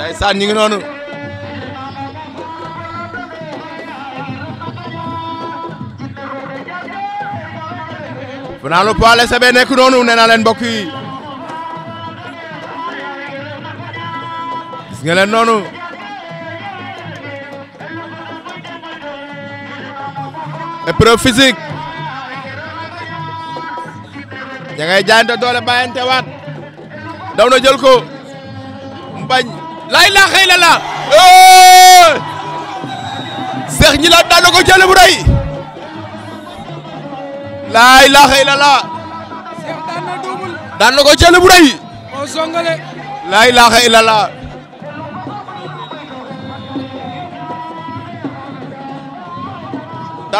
ndeysaan ñu ngi noonu finaalu poids léger bi nekk noonu nee naa leen mbokk yi gis noonu épreuve physique da ngay jaante doole bàyyante waat daw na jël laa ilaaha illallah Cheikh Gnilane daan na ko jël bu rëy laa ilaaha illallah Cheikh daan na ko jël bu rëy moo songale laa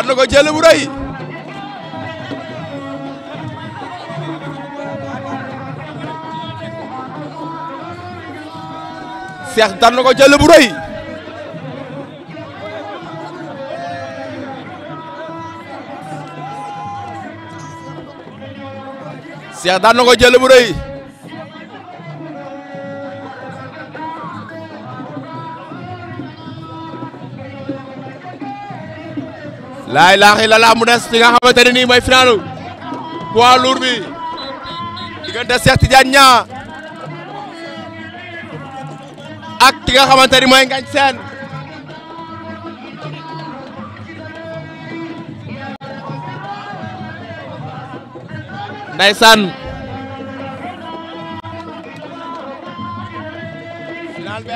na ko jël bu Cheikh daan na ko jël bu rëy Cheikh daan na ko jël bu rëy laay laaxi la laa mu des ci nga xamante ne nii mooy final poids lourd bi ak ki nga xamante ni mooy Ngagne Sène ndeysaan final bi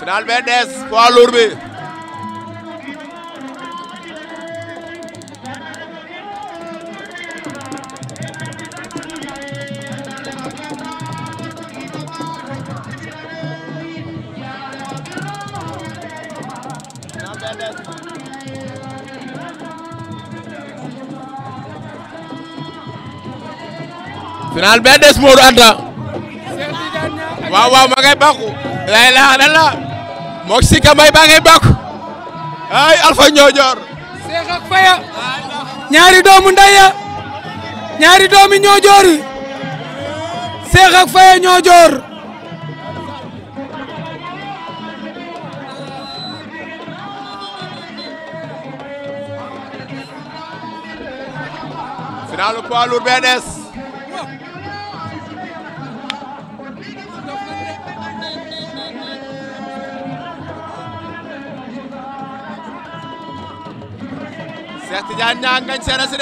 final bi des poids lourd bi final bee des Modou Anta waaw ma ngay bakku lay la xana la mook sika may ba ay Alpha Niodior Cheikh ak Faya ñaari doomu ndaya ñaari doomi Niodior Cheikh ak Faya Niodior finalu poids lourd BNS Cheikh Tidiane Niang Ngagne Sene a si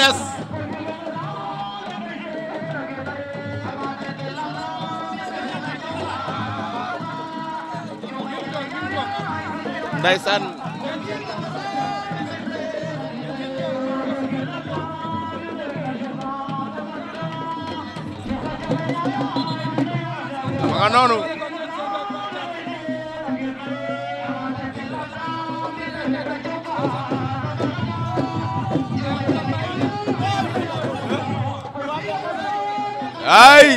des ndeysaan nga ah, noonu ay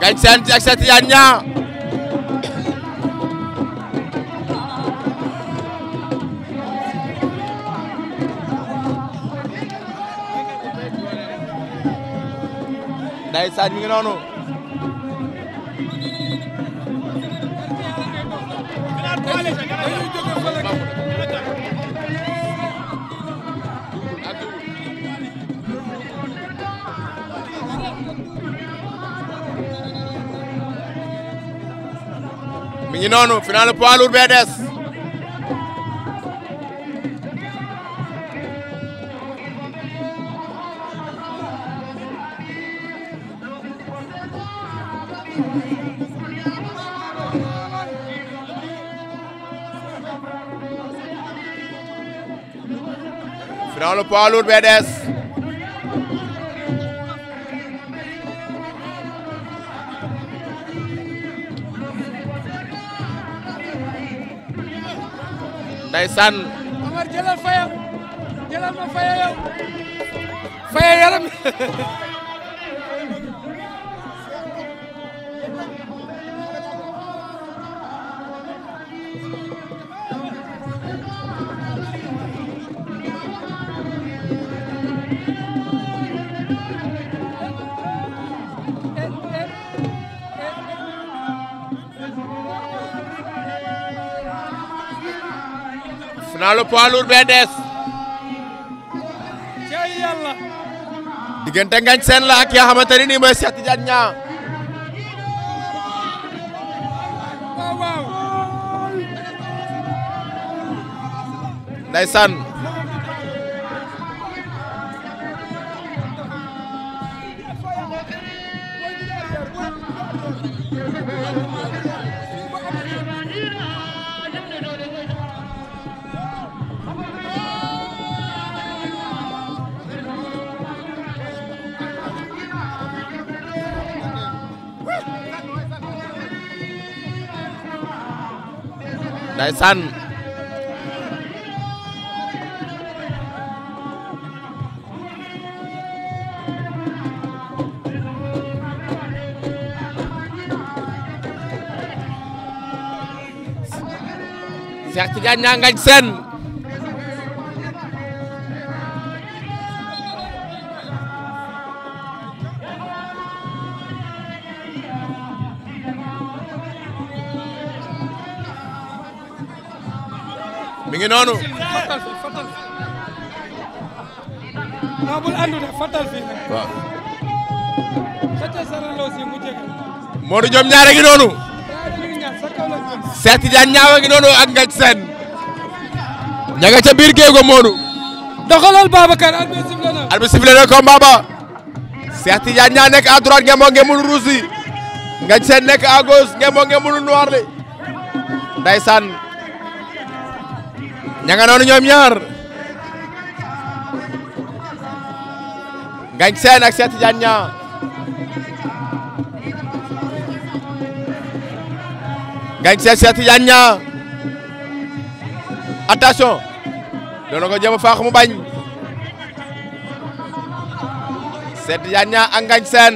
Ngagne Sène ak Cheikh Tidiane Niang ndeysaan mi ngi noonu mi ngi final poids lourd des Firaawna poids lourd bee des Amar jëlal faya jëlal ma faya yow faya yaram naa la poids lourd BDS. cey yàlla. diggante la ak ki nga xamante ne nii mooy Cheikh Tidiane ndeysaan Cheikh Tidiane Niang Ngagne Sène mi ngi noonu. ngi noonu. Cheikh Tidiane ñaawa ngi noonu ak Ngagne Sène. ña nga ca biir géego Modou. doxalal Babacar arbitre sifflé na. arbitre sifflé na combat ba. Cheikh Tidiane ñaa nekk à droite ngeen moo ngemul rouge yi. Ngagne Sène nekk à gauche ngeen ña nga noonu ñoom ñaar Ngagne Sène ak Cheikh Tidiane Niang Ngagne Sène Cheikh Tidiane Niang attention doon ko jëm a mu bañ Cheikh Tidiane Niang ak Ngagne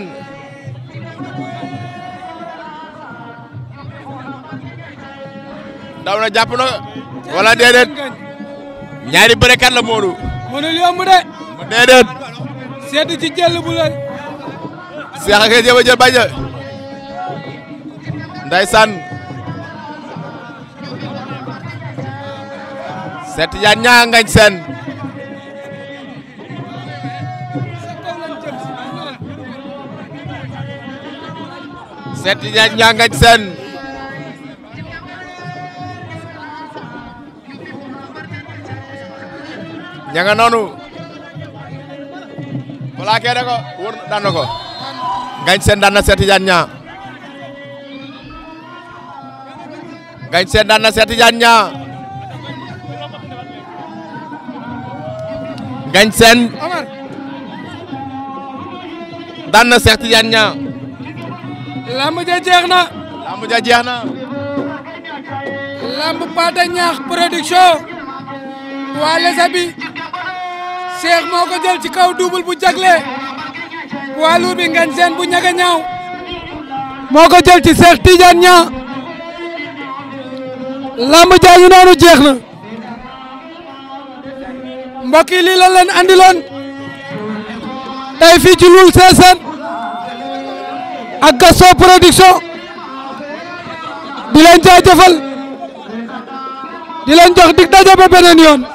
daw na jàpp na wala déedéet ñaari bërekat la Modou. mënul yomb de. déedéet. seetu ci jël bu lëy. Cheikh ak jéem a jël bañ a. Ndeysaan. seet yaa ñaa ngañ seen. seet yaa ñaa ngañ seen. ña noonu plaqué na ko wër daan na ko Ngagne Sène daan na Cheikh Tidiane Niang Ngagne Sène daan na Cheikh Tidiane jeex na lamb jeex na lamb Pathé Niakh waa Lesabi Cheikh moo ko jël ci kaw double bu jagle poids lourd bi ngañ seen bu ñaga ñaaw moo ko jël ci Cheikh Tidiane Niang lamb jaañu noonu jeex na mbokk yi la andiloon tey fii ci Loul Sessène ak Gaston Production di leen jaajëfal di jox dig daje beneen yoon